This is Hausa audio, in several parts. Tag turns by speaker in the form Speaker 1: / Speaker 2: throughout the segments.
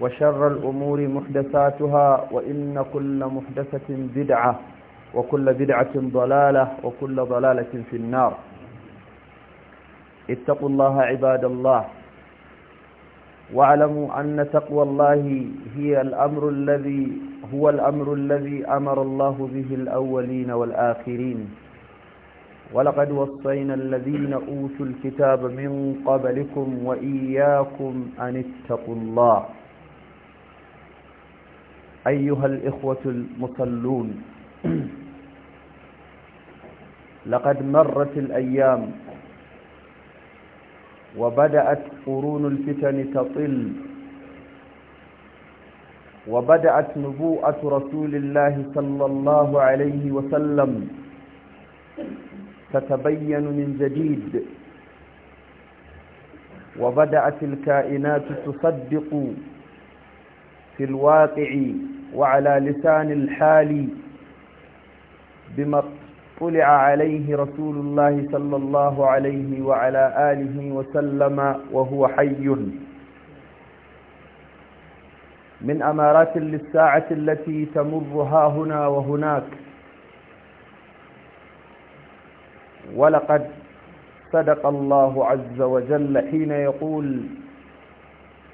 Speaker 1: وشر الأمور محدثاتها وإن كل محدثة بدعة وكل بدعة ضلالة وكل ضلالة في النار اتقوا الله عباد الله واعلموا أن تقوى الله هي الأمر الذي هو الأمر الذي أمر الله به الأولين والآخرين ولقد وصينا الذين أوتوا الكتاب من قبلكم وإياكم أن اتقوا الله أيها الإخوة المصلون لقد مرت الأيام وبدأت قرون الفتن تطل وبدأت نبوءة رسول الله صلى الله عليه وسلم تتبين من جديد وبدأت الكائنات تصدق في الواقع وعلى لسان الحال بما طلع عليه رسول الله صلى الله عليه وعلى آله وسلم وهو حي من أمارات للساعة التي تمر ها هنا وهناك ولقد صدق الله عز وجل حين يقول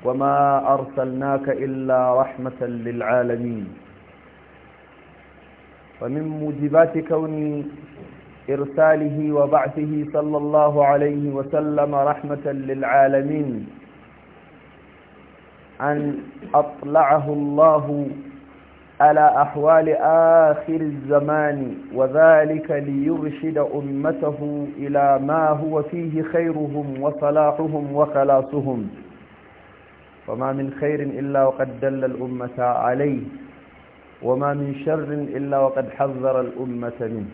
Speaker 1: وما أرسلناك إلا رحمة للعالمين ومن موجبات كون إرساله وبعثه صلى الله عليه وسلم رحمة للعالمين أن أطلعه الله على أحوال آخر الزمان وذلك ليرشد أمته إلى ما هو فيه خيرهم وصلاحهم وخلاصهم وما من خير إلا وقد دل الأمة عليه وما من شر إلا وقد حذر الأمة منه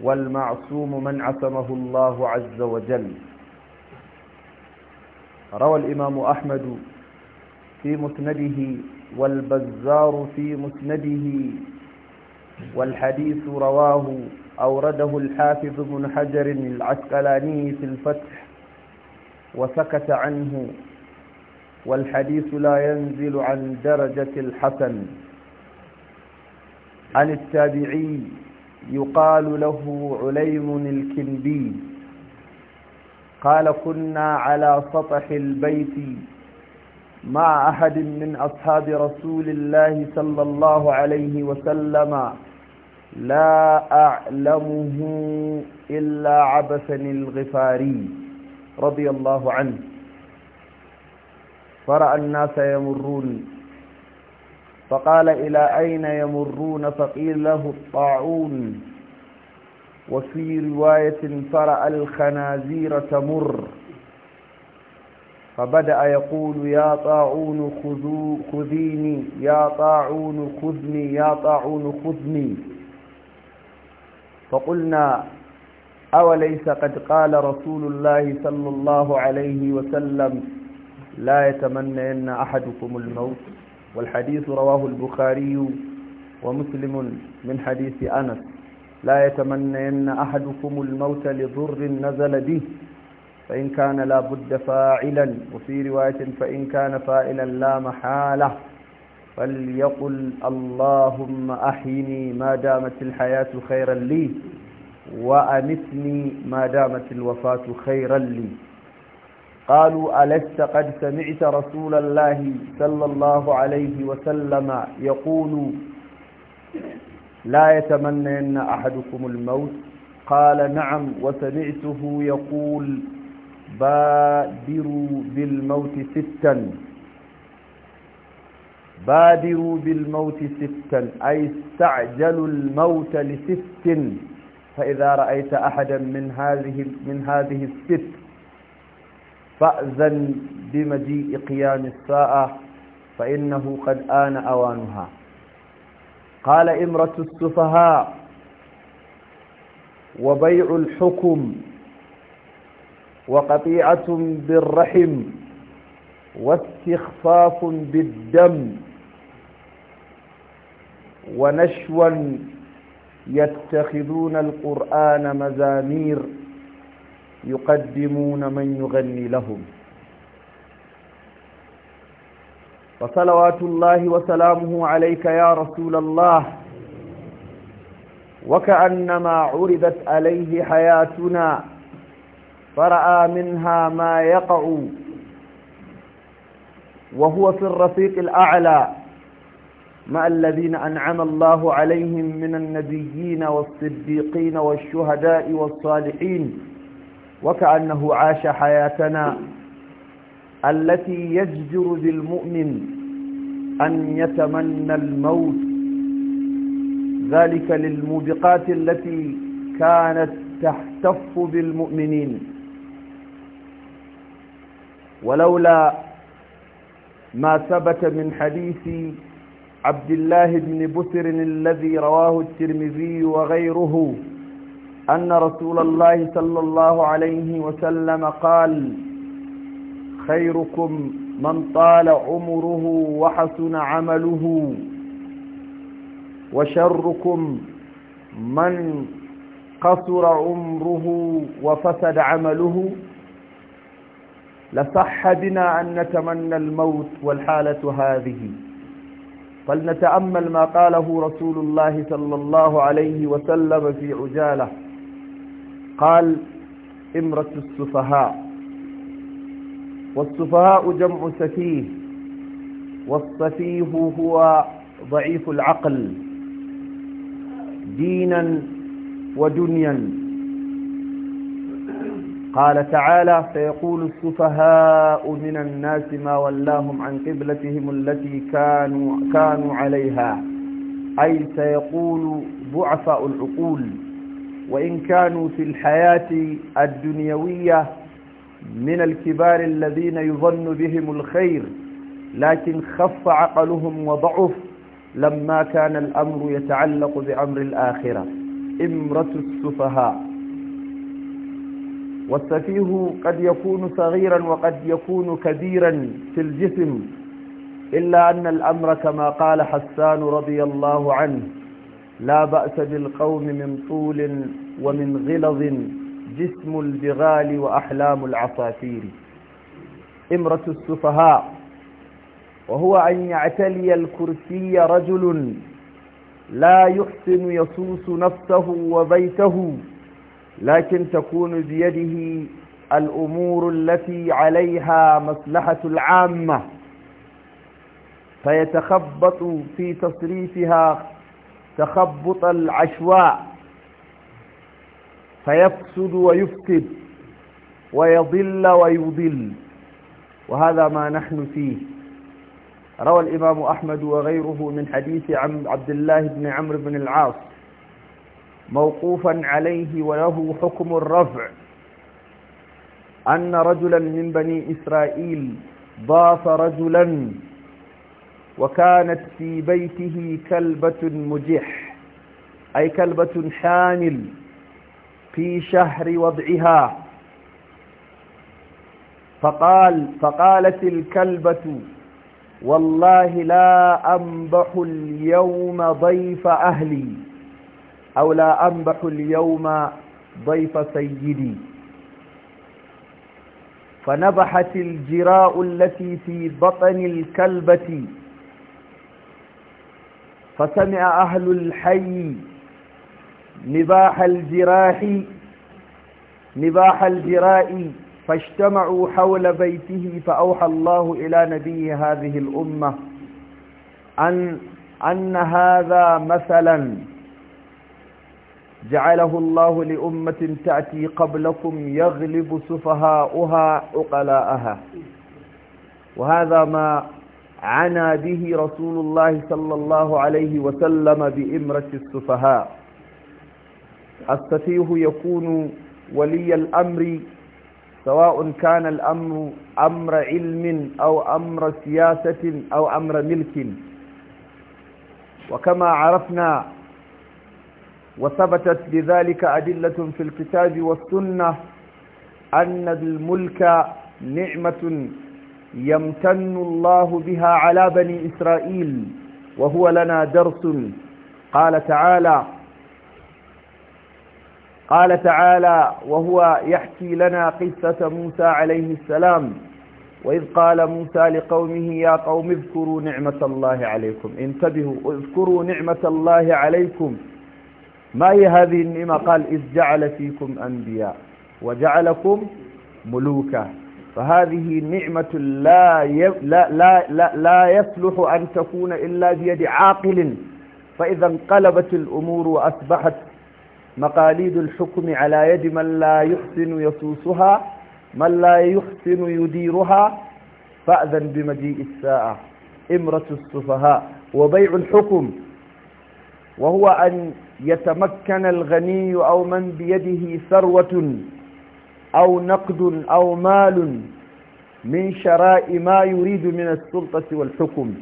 Speaker 1: والمعصوم من عصمه الله عز وجل روى الإمام أحمد في مسنده والبزار في مسنده والحديث رواه أورده الحافظ بن حجر العسقلاني في الفتح وسكت عنه والحديث لا ينزل عن درجة الحسن عن التابعي يقال له عليم الكندي قال كنا على سطح البيت مع أحد من أصحاب رسول الله صلى الله عليه وسلم لا أعلمه إلا عبثني الغفاري رضي الله عنه فرأى الناس يمرون فقال إلى أين يمرون فقيل له الطاعون وفي رواية فرأى الخنازير تمر فبدأ يقول يا طاعون خذو خذيني يا طاعون خذني يا طاعون خذني فقلنا أوليس قد قال رسول الله صلى الله عليه وسلم لا يتمنين أحدكم الموت والحديث رواه البخاري ومسلم من حديث أنس لا يتمنين أحدكم الموت لضر نزل به فإن كان لا بد فاعلا وفي رواية فإن كان فاعلا لا محالة فليقل اللهم أحيني ما دامت الحياة خيرا لي وانثني ما دامت الوفاة خيرا لي قالوا ألست قد سمعت رسول الله صلى الله عليه وسلم يقول لا يتمنين أحدكم الموت قال نعم وسمعته يقول بادروا بالموت ستا بادروا بالموت ستا أي استعجلوا الموت لست فإذا رأيت أحدا من هذه من هذه الست فأذن بمجيء قيام الساعة فإنه قد آن أوانها قال إمرة السفهاء وبيع الحكم وقطيعة بالرحم واستخفاف بالدم ونشوا يتخذون القرآن مزامير يقدمون من يغني لهم فصلوات الله وسلامه عليك يا رسول الله وكأنما عرضت عليه حياتنا فرأى منها ما يقع وهو في الرفيق الأعلى مع الذين أنعم الله عليهم من النبيين والصديقين والشهداء والصالحين وكأنه عاش حياتنا التي يجدر بالمؤمن أن يتمنى الموت ذلك للموبقات التي كانت تحتف بالمؤمنين ولولا ما ثبت من حديث عبد الله بن بسر الذي رواه الترمذي وغيره أن رسول الله صلى الله عليه وسلم قال خيركم من طال عمره وحسن عمله وشركم من قصر عمره وفسد عمله لصح بنا أن نتمنى الموت والحالة هذه فلنتأمل ما قاله رسول الله صلى الله عليه وسلم في عجاله قال امرة السفهاء والسفهاء جمع سفيه والسفيه هو ضعيف العقل دينا ودنيا قال تعالى فيقول السفهاء من الناس ما ولاهم عن قبلتهم التي كانوا, كانوا عليها أي سيقول ضعفاء العقول وإن كانوا في الحياة الدنيوية من الكبار الذين يظن بهم الخير لكن خف عقلهم وضعف لما كان الأمر يتعلق بأمر الآخرة إمرة السفهاء والسفيه قد يكون صغيرا وقد يكون كبيرا في الجسم إلا أن الأمر كما قال حسان رضي الله عنه لا بأس بالقوم من طول ومن غلظ جسم البغال وأحلام العصافير إمرة السفهاء وهو أن يعتلي الكرسي رجل لا يحسن يصوص نفسه وبيته لكن تكون بيده الأمور التي عليها مصلحة العامة فيتخبط في تصريفها تخبط العشواء فيفسد ويفسد ويضل ويضل وهذا ما نحن فيه روى الإمام أحمد وغيره من حديث عبد الله بن عمرو بن العاص موقوفا عليه وله حكم الرفع أن رجلا من بني إسرائيل ضاف رجلا وكانت في بيته كلبة مجح أي كلبة حامل في شهر وضعها فقال فقالت الكلبة والله لا أنبح اليوم ضيف أهلي أو لا أنبح اليوم ضيف سيدي فنبحت الجراء التي في بطن الكلبة فسمع أهل الحي نباح الجراح نباح الجراء فاجتمعوا حول بيته فأوحى الله إلى نبي هذه الأمة أن, أن هذا مثلا جعله الله لأمة تأتي قبلكم يغلب سفهاؤها عقلاءها وهذا ما عنا به رسول الله صلى الله عليه وسلم بإمرة السفهاء السفيه يكون ولي الأمر سواء كان الأمر أمر علم أو أمر سياسة أو أمر ملك وكما عرفنا وثبتت بذلك أدلة في الكتاب والسنة أن الملك نعمة يمتن الله بها على بني إسرائيل وهو لنا درس قال تعالى قال تعالى وهو يحكي لنا قصة موسى عليه السلام وإذ قال موسى لقومه يا قوم اذكروا نعمة الله عليكم انتبهوا اذكروا نعمة الله عليكم ما هي هذه النعمة قال إذ جعل فيكم أنبياء وجعلكم ملوكا فهذه نعمة لا لا لا لا, يصلح أن تكون إلا بيد عاقل فإذا انقلبت الأمور وأصبحت مقاليد الحكم على يد من لا يحسن يسوسها من لا يحسن يديرها فأذن بمجيء الساعة إمرة السفهاء وبيع الحكم وهو أن يتمكن الغني أو من بيده ثروة أو نقد أو مال من شراء ما يريد من السلطة والحكم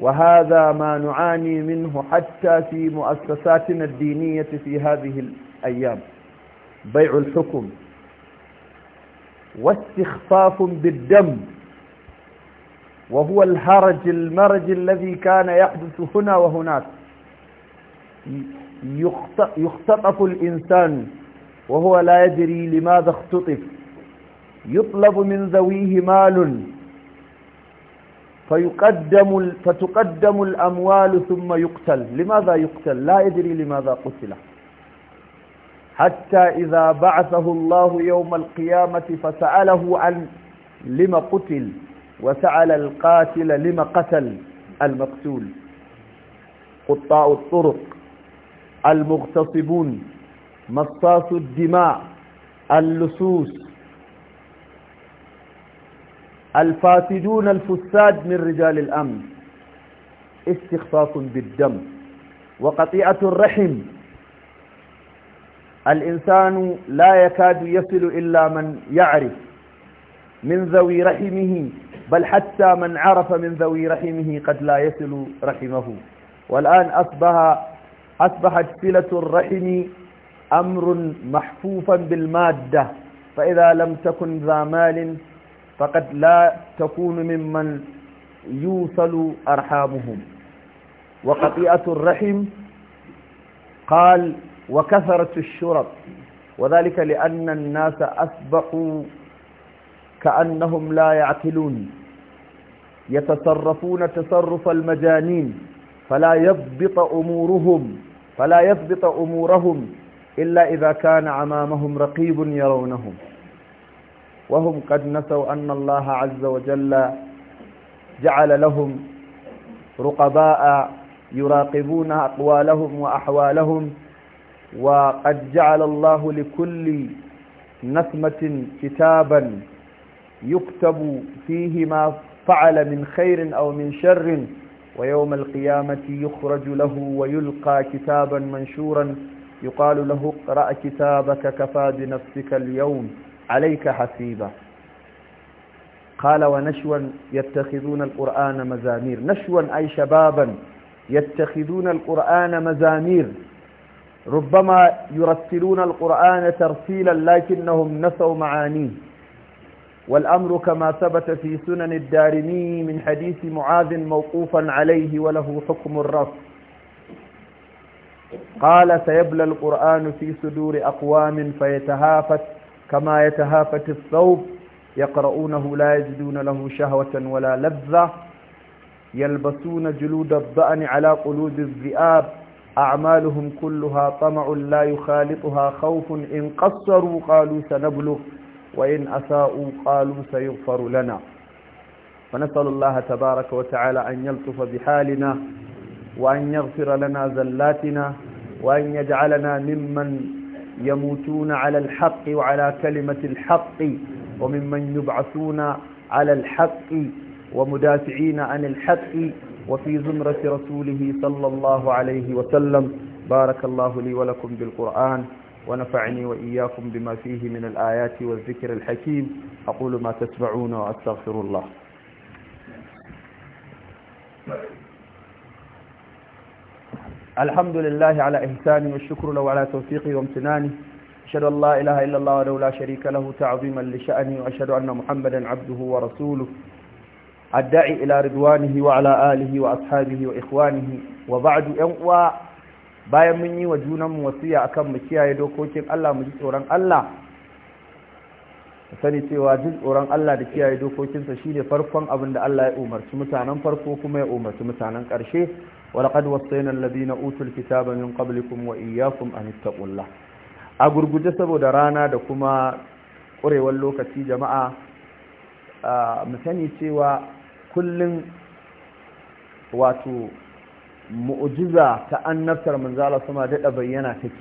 Speaker 1: وهذا ما نعاني منه حتى في مؤسساتنا الدينية في هذه الأيام بيع الحكم واستخفاف بالدم وهو الهرج المرج الذي كان يحدث هنا وهناك يختطف الإنسان وهو لا يدري لماذا اختطف يطلب من ذويه مال فيقدم فتقدم الأموال ثم يقتل لماذا يقتل لا يدري لماذا قتل حتى إذا بعثه الله يوم القيامة فسأله عن لم قتل وسأل القاتل لم قتل المقتول قطاع الطرق المغتصبون مصاص الدماء اللصوص الفاسدون الفساد من رجال الأمن استخفاف بالدم وقطيعة الرحم الإنسان لا يكاد يصل إلا من يعرف من ذوي رحمه بل حتى من عرف من ذوي رحمه قد لا يصل رحمه والآن أصبح أصبحت صلة الرحم أمر محفوفا بالمادة فإذا لم تكن ذا مال فقد لا تكون ممن يوصل أرحامهم وقطيعة الرحم قال وكثرة الشرط وذلك لأن الناس أسبقوا كأنهم لا يعقلون يتصرفون تصرف المجانين فلا يضبط أمورهم فلا يضبط أمورهم إلا إذا كان أمامهم رقيب يرونهم وهم قد نسوا أن الله عز وجل جعل لهم رقباء يراقبون أقوالهم وأحوالهم وقد جعل الله لكل نسمة كتابا يكتب فيه ما فعل من خير أو من شر ويوم القيامة يخرج له ويلقى كتابا منشورا يقال له اقرأ كتابك كفى بنفسك اليوم عليك حسيبا قال ونشوا يتخذون القرآن مزامير نشوا أي شبابا يتخذون القرآن مزامير ربما يرتلون القرآن ترتيلا لكنهم نسوا معانيه والأمر كما ثبت في سنن الدارمي من حديث معاذ موقوفا عليه وله حكم الرفض قال سيبلى القرآن في صدور أقوام فيتهافت كما يتهافت الثوب يقرؤونه لا يجدون له شهوة ولا لذة يلبسون جلود الضأن على قلوب الذئاب أعمالهم كلها طمع لا يخالطها خوف إن قصروا قالوا سنبلغ وإن أساءوا قالوا سيغفر لنا فنسأل الله تبارك وتعالى أن يلطف بحالنا وأن يغفر لنا زلاتنا وأن يجعلنا ممن يموتون على الحق وعلى كلمة الحق وممن يبعثون على الحق ومدافعين عن الحق وفي زمرة رسوله صلى الله عليه وسلم بارك الله لي ولكم بالقرآن ونفعني وإياكم بما فيه من الآيات والذكر الحكيم أقول ما تسمعون وأستغفر الله الحمد لله على إحسانه والشكر له على توفيقه وامتنانه أشهد أن لا إله إلا الله وله لا شريك له تعظيما لشأنه وأشهد أن محمدا عبده ورسوله الداعي إلى رضوانه وعلى آله وأصحابه وإخوانه وبعد أنقوى bayan mun yi wa junanmu wasiya akan mu kiyaye dokokin Allah mu ji tsoron Allah sani cewa jin tsoron Allah da kiyaye dokokinsa shine farkon abin da Allah ya umarci mutanen farko kuma ya umarci mutanen ƙarshe walaqad wasayna alladhina utul kitaba min qablikum wa iyyakum an ittaqullah a gurguje saboda rana da kuma ƙurewar lokaci jama'a mu sani cewa kullun wato mu'jiza ta annabtar manzala sama daɗa bayyana take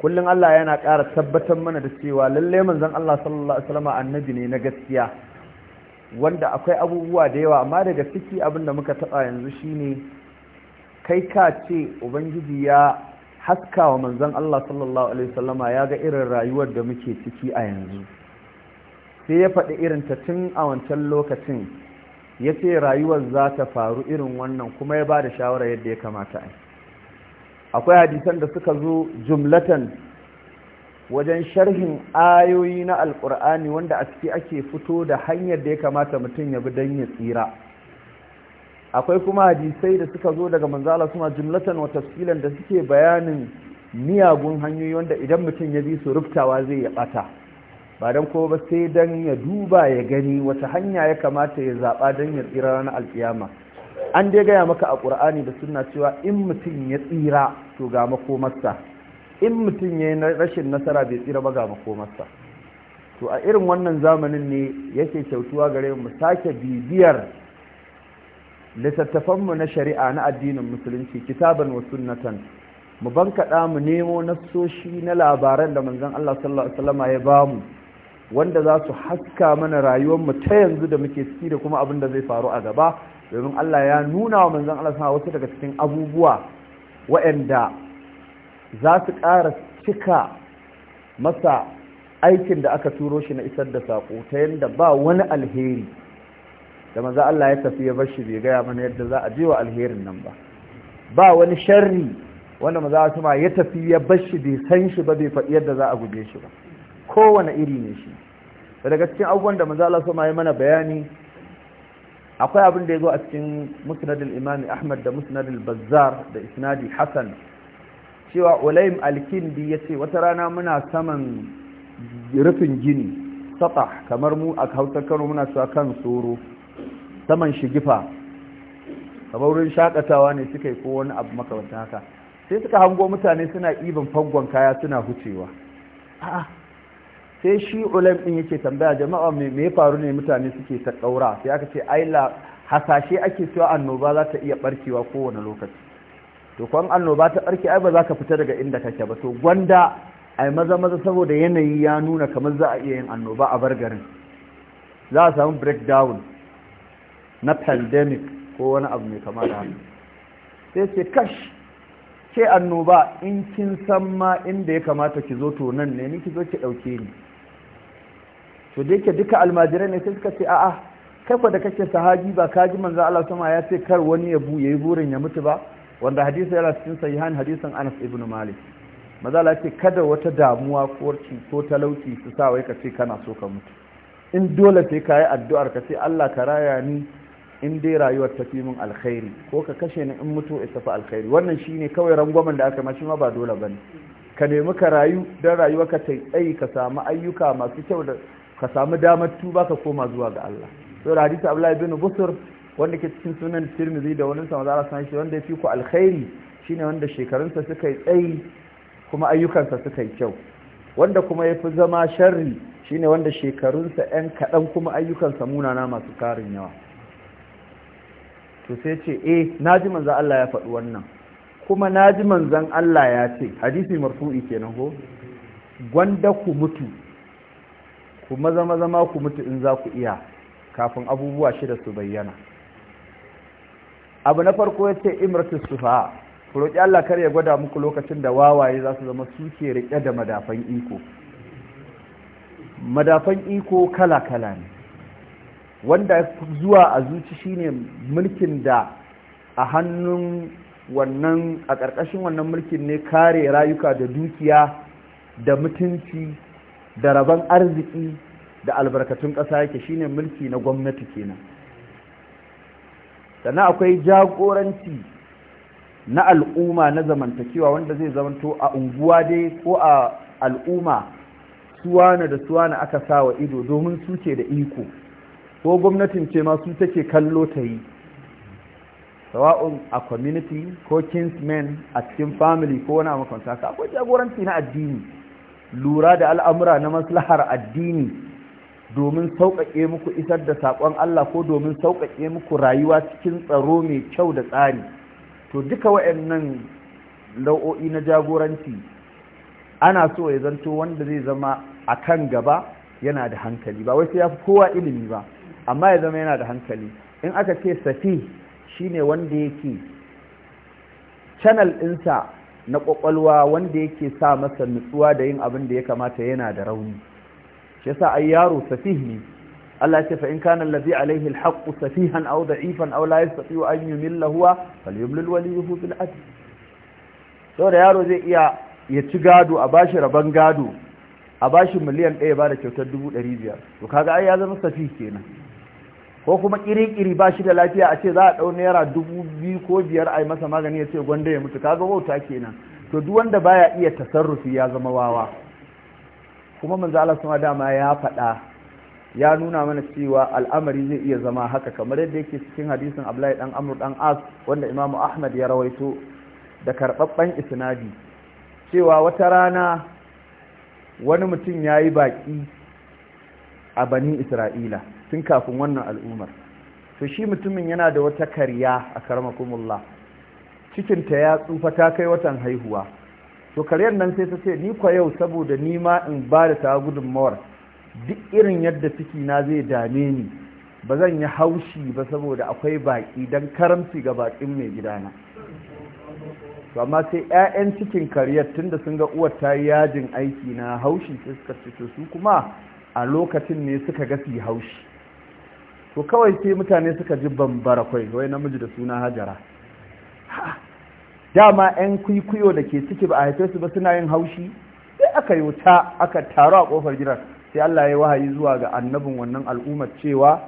Speaker 1: kullum Allah yana ƙara tabbatar mana da cewa lalle manzon Allah sallallahu alaihi wasallam annabi ne na gaskiya wanda akwai abubuwa da yawa amma daga ciki abin da muka taba yanzu shine kai ka ce ubangiji ya haska wa manzon Allah sallallahu alaihi wasallama ya ga irin rayuwar da muke ciki a yanzu sai ya faɗi irin ta tun a wancan lokacin ya ce rayuwar za ta faru irin wannan kuma ya ba da shawara yadda ya kamata a yi akwai hadisan da suka zo jumlatan wajen sharhin ayoyi na alkur'ani wanda a ciki ake fito da hanyar da ya kamata mutum ya bi don ya tsira akwai kuma hadisai da suka zo daga manzala suna jumlatan wa filan da suke bayanin miyagun hanyoyi wanda idan mutum ya bi su rubtawa zai ya bata ba don ko ba sai don ya duba ya gani wata hanya ya kamata ya zaɓa don ya tsira ranar alkiyama an dai gaya maka a ƙur'ani da suna cewa in mutum ya tsira to ga makomarsa in mutum ya yi rashin nasara bai tsira ba ga makomarsa to a irin wannan zamanin ne yake kyautuwa gare mu sake bibiyar littattafanmu na shari'a na addinin musulunci kitaban wa sunnatan mu bankaɗa mu nemo nassoshi na labaran da manzon Allah sallallahu alaihi wasallam ya bamu wanda za su haska mana rayuwar mu ta yanzu da muke ciki da kuma abin da zai faru a gaba domin Allah ya nuna wa manzon Allah sa wasu daga cikin abubuwa waɗanda za su ƙara cika masa aikin da aka turo shi na isar da saƙo ta yadda ba wani alheri da maza Allah ya tafi ya bashi bai gaya mana yadda za a je wa alherin nan ba ba wani sharri wanda maza Allah ya tafi ya bashi bai san shi ba bai faɗi yadda za a guje shi ba kowane iri ne shi daga cikin abubuwan da manzo Allah sama ya mana bayani akwai abin da yazo a cikin musnad al-imam Ahmad da musnad bazzar da isnadi Hassan. cewa Ulaym al-Kindi yace wata rana muna saman rufin gini sata kamar mu a hausar Kano muna cewa kan tsoro, saman shigifa kamar wurin shakatawa ne suka yi ko wani abu makamantan haka sai suka hango mutane suna ibin fangon kaya suna hucewa a'a sai shi ulam din yake tambaya jama'a me ya faru ne mutane suke ta kaura sai aka ce ai la hasashe ake cewa annoba za ta iya barkewa kowane lokaci to kwan annoba ta barke ai ba za ka fita daga inda kake ba to gwanda ai maza maza saboda yanayi ya nuna kamar za a iya yin annoba a bar za a samu breakdown na pandemic ko wani abu mai kama da haka sai ce kash ke annoba in kin san ma inda ya kamata ki zo to nan ne ni ki zo ki dauke ni to da yake duka almajirai ne sai suka ce a'a kai da kake sahaji ba ka ji manzo Allah sama ya ce kar wani ya bu yayi burin ya mutu ba wanda hadisi yana cikin sahihan hadisin Anas ibn Malik ya ce kada wata damuwa ko ko talauci su sa wai ka ce kana so ka mutu in dole sai ka addu'ar ka ce Allah ka raya ni in dai rayuwar tafi min alkhairi ko ka kashe ni in mutu ya tafi alkhairi wannan shine kawai rangwamen da aka mashi ma ba dole bane ka nemi ka rayu dan rayuwa ka ta tsayi ka samu ayyuka masu kyau da ka samu damar tuba ka koma zuwa ga Allah da hadisi Abdullahi bin Busur, wanda ke cikin sunan Tirmidhi da wani sama zara san shi wanda ya fi ku alkhairi shine wanda shekarunsa suka yi tsayi kuma ayyukansa suka yi kyau wanda kuma ya fi zama sharri shine wanda shekarunsa 'yan kaɗan kuma ayyukansa munana masu karin yawa to sai ce eh ji manzan Allah ya faɗi wannan kuma na naji manzan Allah ya ce hadisi marfu'i kenan ko gwanda ku mutu ku maza maza ku mutu in za ku iya kafin abubuwa shida su bayyana abu na farko ya ce imratus sufa ku roƙi Allah kar ya gwada muku lokacin da wawaye za su zama suke riƙe da madafan iko madafan iko kala kala ne wanda zuwa a zuci shine mulkin da a hannun wannan a ƙarƙashin wannan mulkin ne kare rayuka da dukiya da mutunci da rabon arziki da albarkatun ƙasa yake shine mulki na gwamnati kenan sannan akwai jagoranci na al'umma na zamantakewa wanda zai zamanto a unguwa dai ko a al'umma suwana da suwana aka sa wa ido domin su ce da iko ko gwamnatin ce ma su take kallo ta yi sawa'un a community ko kinsmen a cikin family ko wani makon akwai jagoranci na addini lura da al'amura na maslahar addini domin sauƙaƙe muku isar da saƙon Allah ko domin sauƙaƙe muku rayuwa cikin tsaro mai kyau da tsari to duka waɗannan nau'o'i na jagoranci ana so ya zanto wanda zai zama a kan gaba yana da hankali ba wai sai ya fi kowa ilimi ba amma ya zama yana da hankali in aka ce safi shine wanda yake channel ɗinsa na ƙwaƙwalwa wanda yake sa masa nutsuwa da yin abin da ya kamata yana da rauni shi sa ai yaro safih ne Allah ce fa in kana allazi alaihi alhaq safihan aw da'ifan aw la yastati an yumilla huwa falyumlil waliyuhu bil adl da yaro zai iya ya ci gado a bashi raban gado a bashi miliyan 1 kyautar dubu kyautar biyar. to kaga ai ya zama safih kenan ko kuma kirikiri ba shi da lafiya a ce za a ɗau naira dubu biyu ko biyar a yi masa magani ya ce gwanda ya mutu kaga wauta kenan to duk wanda baya iya tasarrufi ya zama wawa kuma manzo Allah da dama ya faɗa ya nuna mana cewa al'amari zai iya zama haka kamar yadda yake cikin hadisin Abdullahi dan Amr dan As wanda Imam Ahmad ya rawaito da karbabban isnadi cewa wata rana wani mutum ya yi baƙi a bani Isra'ila tun kafin wannan al'ummar to shi mutumin yana da wata kariya a karamakumullah cikinta ya tsufa ta kai watan haihuwa to karyar nan sai ta ce ni kwa yau saboda ni ma in ba da ta gudunmawar duk irin yadda ciki na zai dame ni ba zan yi haushi ba saboda akwai baƙi don karamci ga baƙin mai gidana na. amma sai 'ya'yan cikin kariyar tunda sun ga uwar ta yi yajin aiki na haushi sai suka ce su kuma a lokacin ne suka ga su haushi to kawai sai mutane suka ji bambara kwai wai namiji da suna hajara dama 'yan kwikwiyo da ke ciki ba a haife su ba suna yin haushi sai aka yi wuta aka taru a ƙofar gidan sai Allah ya wahayi zuwa ga annabin wannan al'umma cewa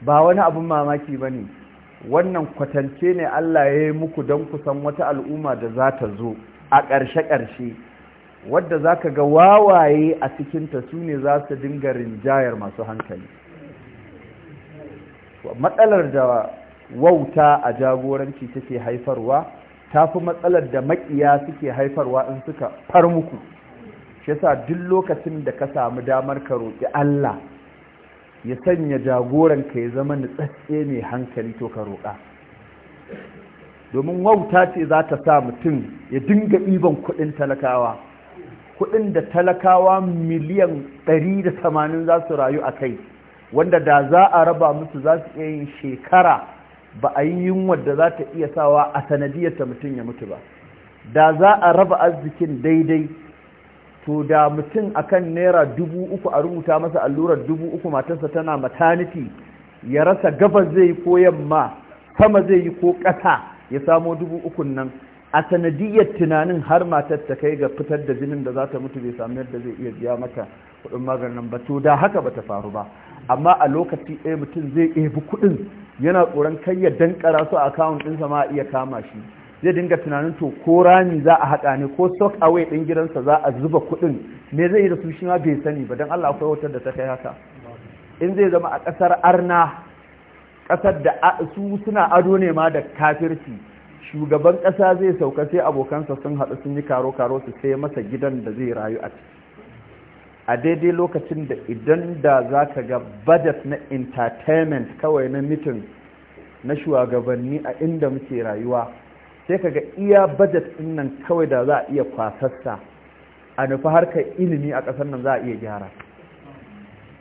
Speaker 1: ba wani abin mamaki ba ne wannan kwatance ne Allah ya yi muku don ku san wata al'umma da za ta zo a ƙarshe-ƙarshe wadda za ka ga wawaye a cikinta su ne za su dinga rinjayar masu hankali matsalar da wauta a jagoranci take haifarwa ta fi matsalar da makiya suke haifarwa in suka far muku shi yasa duk lokacin da ka samu damar ka roƙi Allah ya sanya jagoranka ya zama nutsatse mai hankali to ka roƙa domin wauta ce za ta sa mutum ya dinga ɗiban kuɗin talakawa kuɗin da talakawa miliyan 180 za su rayu a kai wanda da za a raba musu za su iya yin shekara ba a yi yunwar da za ta iya sawa a sanadiyar ta mutum ya mutu ba da za a raba arzikin daidai to da mutum akan naira dubu uku a rubuta masa allurar dubu uku matarsa tana mataniti ya rasa gaba zai yi ko yamma kama zai yi ko ƙasa ya samo dubu ukun nan a sanadiyar tunanin har matar ta kai ga fitar da jinin da za ta mutu bai samu yadda zai iya biya mata kuɗin maganin ba to da haka ba ta faru ba amma a lokaci ɗaya mutum zai ebi kuɗin yana tsoron kai ya dankara su a akawun ɗinsa ma iya kama shi zai dinga tunanin to ko rami za a haɗa ne ko stock away ɗin gidansa za a zuba kuɗin me zai yi da su shi ma bai sani ba don Allah akwai wutar da ta kai haka in zai zama a ƙasar arna ƙasar da su suna ado ne ma da kafirci shugaban ƙasa zai sauka sai abokansa sun haɗu sun yi karo-karo su sai masa gidan da zai rayu a ciki a daidai lokacin da idan da za ka ga budget na entertainment kawai na mitin na shugabanni a inda muke rayuwa sai ka ga iya budget din nan kawai da za a iya kwasasta a nufi harkar ilimi a ƙasar nan za a iya gyara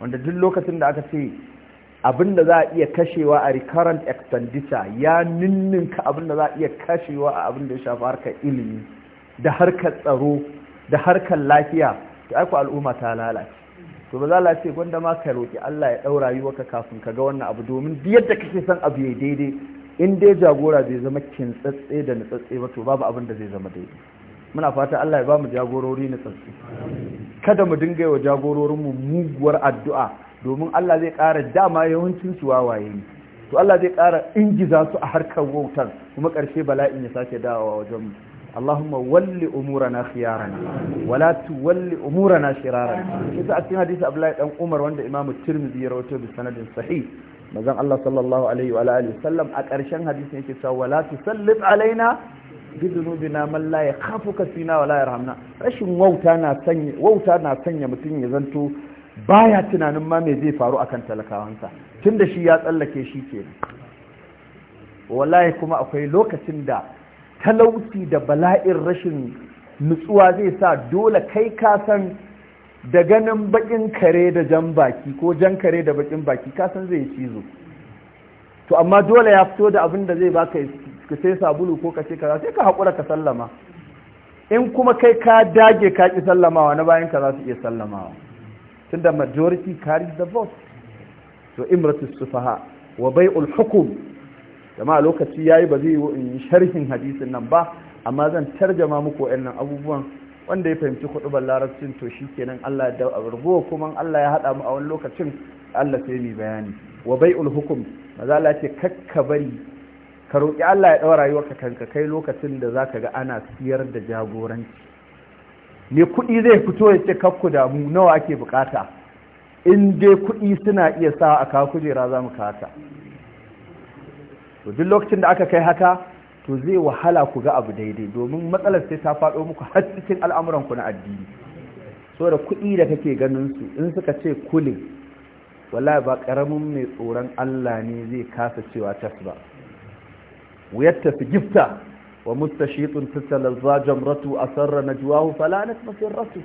Speaker 1: wanda duk lokacin da aka ce abin da za a iya kashewa a recurrent expenditure ya ninninka abin da za a iya kashewa a abin da ya shafi harkar ilimi da harkar tsaro da harkar lafiya to ai al'umma ta lalace to ba za la ce gwanda ma ka roki Allah ya daura waka kafin ka ga wannan abu domin duk yadda kake son abu ya daidai in dai jagora zai zama kintsatse da nutsatse ba to babu abin da zai zama daidai muna fata Allah ya ba mu jagorori nutsatse kada mu dinga yawa jagororin mu muguwar addu'a domin Allah zai ƙara dama yawancin su wawaye ne to Allah zai ƙara ingiza su a harkar wautar kuma ƙarshe bala'in ya sake dawowa wajen mu Allahumma walli umurana khiyarana wala tuwalli umurana shirarana kisa a cikin hadisi Abdullahi dan Umar wanda Imam At-Tirmizi ya rawaito bi sanadin sahih manzon Allah sallallahu alaihi wa alihi sallam a ƙarshen hadisin yake cewa walatu tusallit alaina bi dhunubina man la yakhafuka fina wala yarhamna rashin wauta na sanya wauta na sanya mutum ya zanto baya tunanin ma me zai faru akan talakawansa tunda shi ya tsallake shi kenan wallahi kuma akwai lokacin da talauci da bala'in rashin nutsuwa zai sa dole kai ka san da ganin bakin kare da jan baki ko jan kare da bakin baki ka san zai cizo to amma dole ya fito da abin da zai baka ka sai sabulu ko ka ce kaza sai ka haƙura ka sallama in kuma kai ka dage ka ki sallamawa na bayan ka za su iya sallamawa tunda majority carries the vote to imratus sufaha wa bai'ul hukum jama'a lokaci ya yi ba zai yi in sharhin hadisin nan ba amma zan tarjama muku wayannan abubuwan wanda ya fahimci kuɗubar larabcin to shi kenan Allah da rubo kuma Allah ya haɗa mu a wani lokacin Allah sai mai bayani wa ulhukum ma za Allah ce kakka bari ka roƙi Allah ya ɗaura rayuwarka kanka kai lokacin da za ka ga ana siyar da jagoranci me kuɗi zai fito ya ce kakku mu nawa ake bukata in dai kuɗi suna iya sa a kawo kujera za mu kata to duk lokacin da aka kai haka to zai wahala ku ga abu daidai domin matsalar sai ta faɗo muku har cikin al'amuran ku na addini so da kuɗi da kake ganin su in suka ce kuli wallahi ba ƙaramin mai tsoron Allah ne zai kasa cewa tas ba wuyar gifta wa mustashitun tattalar zajen ratu a sarra na juwahu falanat ratu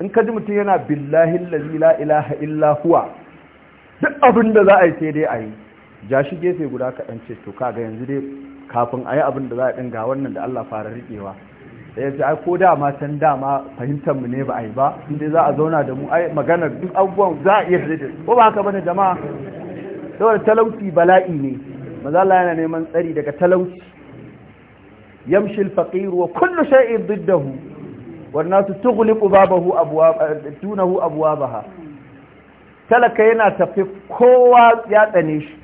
Speaker 1: in ka ji mutum yana billahi la ilaha illa huwa duk abin da za a yi sai dai a yi ja shi gefe guda kaɗan ce to kaga yanzu dai kafin a yi abin da za a ɗinga wannan da Allah fara riƙewa da yanzu ai ko dama san dama fahimtar mu ne ba a yi ba dai za a zauna da mu ai magana duk abubuwan za a iya da ko ba haka bane jama'a saboda talauci bala'i ne maza Allah yana neman tsari daga talauci yamshil faqir wa kullu shay'in diddahu wan nasu tughliqu babahu abwaba tunahu abwabaha talaka yana tafi kowa ya tsane shi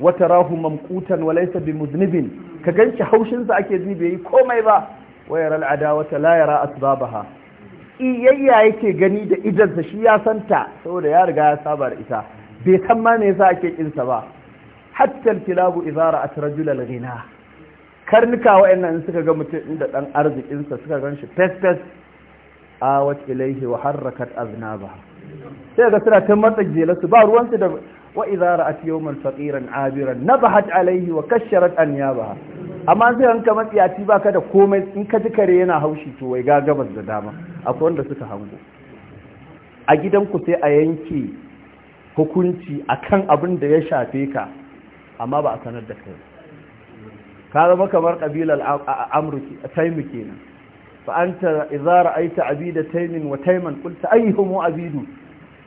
Speaker 1: wata rahu mamkutan wa laisa bi muznibin ka ganci haushin sa ake ji bai komai ba wayar wata la yara asbabaha iyayya yake gani da sa shi ya santa saboda ya riga ya saba da ita bai san ma me yasa ake kinsa ba hatta kilabu idara rajul al-ghina karnuka wayannan suka ga mutum inda dan arzikin sa suka ganshi pes-pes. A awat ilaihi wa harakat aznaba sai ga suna ta matsa su ba ruwansu da wa idza ra'at yawman faqiran abiran nabahat alayhi wa kasharat anyabaha amma sai an ka matsiyaci baka da komai in ka ji kare yana haushi to wai ga da dama akwai wanda suka hango a gidanku sai a yanke hukunci akan abin da ya shafe ka amma ba a sanar da kai ka zama kamar ƙabilar amurki a taimu kenan fa'anta izara aita abida taimin wa taiman kulta ayyuhu mu abidu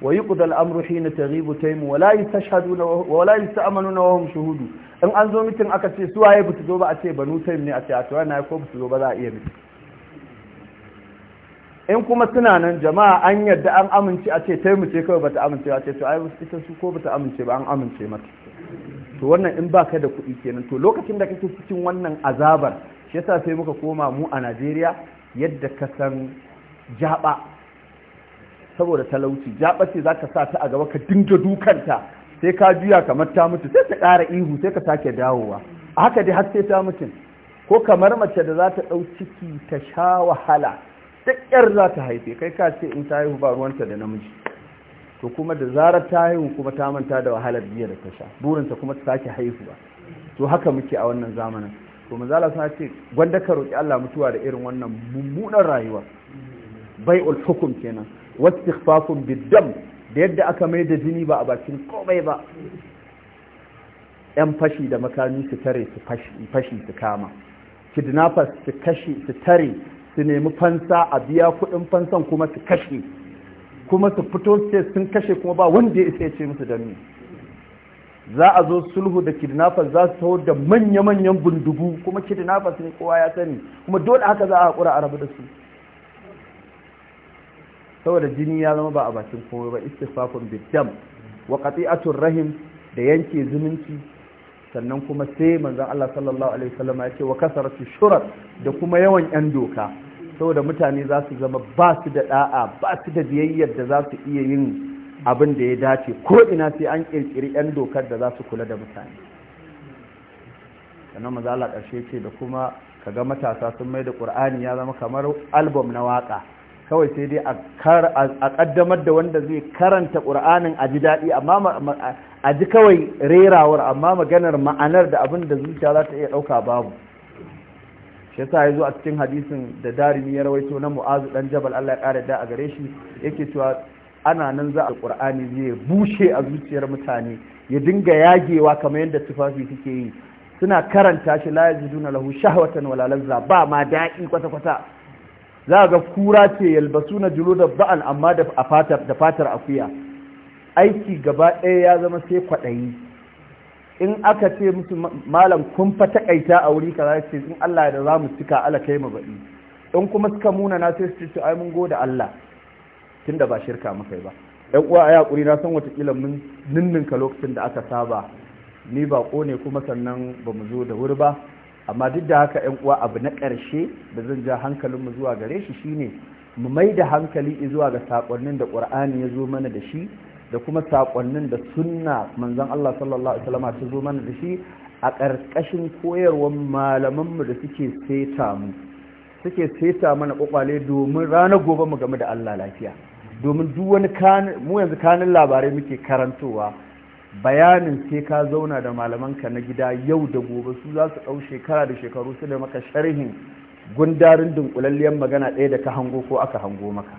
Speaker 1: ويقضى الامر حين تغيب تيم ولا يستشهدون ولا يستامنون وهم شهود in an zo mitin aka ce su waye bisu zo ba a ce banu taim ne a ce a ce wannan ko bisu zo ba za a iya mitin in kuma suna nan jama'a an yadda an amince a ce taimu ce kawai bata amince a ce to ai ita su ko bata amince ba an amince mata to wannan in ba baka da kuɗi kenan to lokacin da kake cikin wannan azabar shi yasa sai muka koma mu a Najeriya yadda ka san jaba saboda talauci jaɓace za ka sa ta a gaba ka dinga dukanta sai ka juya kamar ta mutu sai ka ƙara ihu sai ka sake dawowa a haka dai har sai ta mutu ko kamar mace da za ta ɗau ciki ta sha wahala duk yar za ta haife kai ka ce in ta haihu ba ruwanta da namiji to kuma da zarar ta haihu kuma ta manta da wahalar biya da ta sha burinta kuma ta sake haihuwa to haka muke a wannan zamanin to zala suna ce gwanda ka roƙi Allah mutuwa da irin wannan mummunan rayuwa ul hukum kenan Wasu wastighfasun biddam da yadda aka mai da jini ba a bakin komai ba yan fashi da makami su tare su fashi su kama kidnappers su kashi su tare su nemi fansa a biya kudin fansan kuma su kashi kuma su fito ce sun kashe kuma ba wanda ya isa ya ce musu dami za a zo sulhu da kidnappers za su taho da manya-manyan bindigu kuma kidnappers ne kowa ya sani kuma dole haka za a haƙura a rabu da su saboda jini ya zama ba a bakin komai ba istifafun biddam wa qati'atur rahim da yanke zumunci sannan kuma sai manzon Allah sallallahu alaihi wasallam ya ce wa kasaratu shurat da kuma yawan yan doka saboda mutane za su zama ba su da da'a ba su da biyayyar da za su iya yin abin da ya dace ko ina sai an kirkiri yan dokar da za su kula da mutane sannan manzon Allah karshe ce da kuma kaga matasa sun mai da Qur'ani ya zama kamar album na waka kawai sai dai a kaddamar da wanda zai karanta ƙur'anin a ji daɗi amma a ji kawai rerawar amma maganar ma'anar da abin da zuciya za ta iya ɗauka babu shi sa ya zo a cikin hadisin da darimi ya rawaito na mu'azu ɗan jabal allah ya ƙara da a gare shi yake cewa ana nan za a ƙur'ani zai bushe a zuciyar mutane ya dinga yagewa kamar yadda tufafi suke yi suna karanta shi la yajiduna lahu shahwatan wala lazza ba ma daɗi kwata-kwata za ga kura ce yalbasu na julu da ba'al amma da fatar akuya aiki gaba ɗaya ya zama sai kwaɗayi in aka ce musu malam kun fa takaita a wuri kaza ce in Allah da za mu cika ala kai mu baɗi in kuma suka muna na sai su ce ai mun goda Allah tunda ba shirka muka ba ɗan uwa a yaƙuri na san watakila mun ninninka lokacin da aka saba ni ba ƙone kuma sannan ba mu zo da wuri ba amma duk da haka ‘yan uwa abu na ƙarshe da zan ja hankalinmu zuwa gare shi shine mu mai da hankali zuwa ga saƙonnin da ƙur'ani ya zo mana da shi da kuma saƙonnin da sunna manzon Allah sallallahu alaihi wasallam ta zo mana da shi a ƙarƙashin koyarwar malamanmu da suke seta mu suke seta mana ƙwaƙwale domin ranar gobe mu game da Allah lafiya domin duk wani mu yanzu kanin labarai muke karantowa bayanin sai ka zauna da malamanka na gida yau da gobe su za su ɗau shekara da shekaru su da maka sharhin gundarin dunkulalliyar magana ɗaya da ka hango ko aka hango maka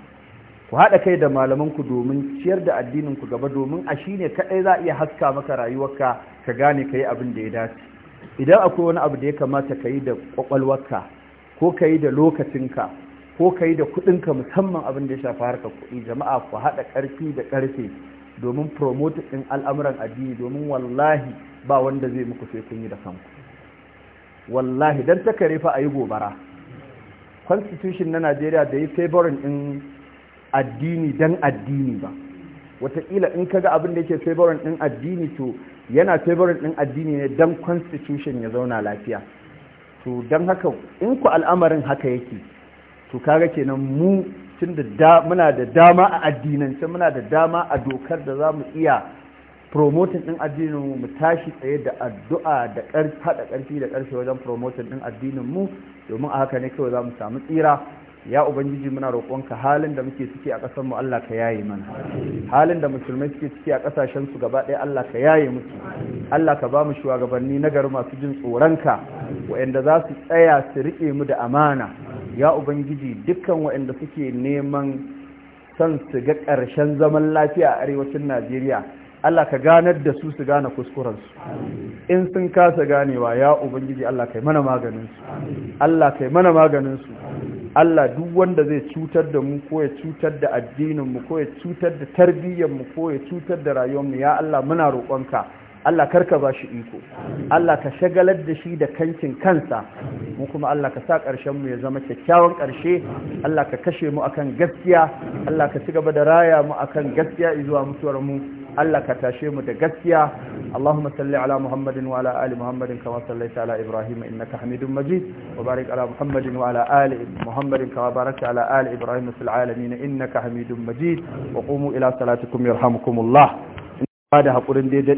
Speaker 1: ku haɗa kai da malamanku domin ciyar da addininku gaba domin a shi ne kaɗai za a iya haska maka rayuwarka ka gane ka yi abin da ya dace idan akwai wani abu da ya kamata ka yi da ƙwaƙwalwarka ko ka yi da lokacinka ko ka yi da kuɗinka musamman abin da ya shafi harkar kuɗi jama'a ku haɗa ƙarfi da ƙarfe domin promote ɗin al'amuran addini domin wallahi ba wanda zai muku sai kun yi da kanku wallahi don takare fa a yi gobara constitution na najeriya da yi favorin ɗin addini dan addini ba wataƙila in kaga abin da yake favorin ɗin addini to yana favorin ɗin addini ne dan constitution ya zauna lafiya to don haka in ku al'amarin haka yake to kaga kenan mu tun da muna da dama a addinance muna da dama a dokar da za mu iya promotin din addinin mu tashi tsaye da addu'a da haɗa ƙarfi da ƙarfi wajen promotin din addinin mu domin a haka ne kawai za mu samu tsira ya ubangiji muna roƙonka halin da muke ciki a ƙasar mu Allah ka yaye mana halin da musulmai suke ciki a ƙasashen su gaba ɗaya Allah ka yaye musu Allah ka ba mu shugabanni na gari masu jin tsoronka wa'anda za su tsaya su riƙe mu da amana ya ubangiji dukkan waɗanda suke neman son su ga ƙarshen zaman lafiya a arewacin najeriya allah ka ganar da su su gane kuskurensu in sun kasa ganewa ya ubangiji allah kai mana maganinsu allah kai mana maganinsu allah duk wanda zai cutar da mu ko ya cutar da addininmu ko ya cutar da tarbiyyarmu ko ya cutar da rayuwarmu ya allah muna roƙonka Allah karka ba shi iko Allah ka shagalar da shi da kancin kansa mu kuma Allah ka sa ƙarshen mu ya zama kyakkyawan ƙarshe Allah ka kashe mu akan gaskiya Allah ka ci gaba da raya mu akan gaskiya zuwa mutuwar mu Allah ka tashe mu da gaskiya Allahumma salli ala Muhammadin wa ala ali Muhammadin kama sallaita ala Ibrahim innaka Hamidum Majid wa barik ala Muhammadin wa ala ali Muhammadin kama barakta ala ali Ibrahim fil alamin innaka Hamidum Majid wa qumu ila salatikum yarhamukumullah da hakurin daidai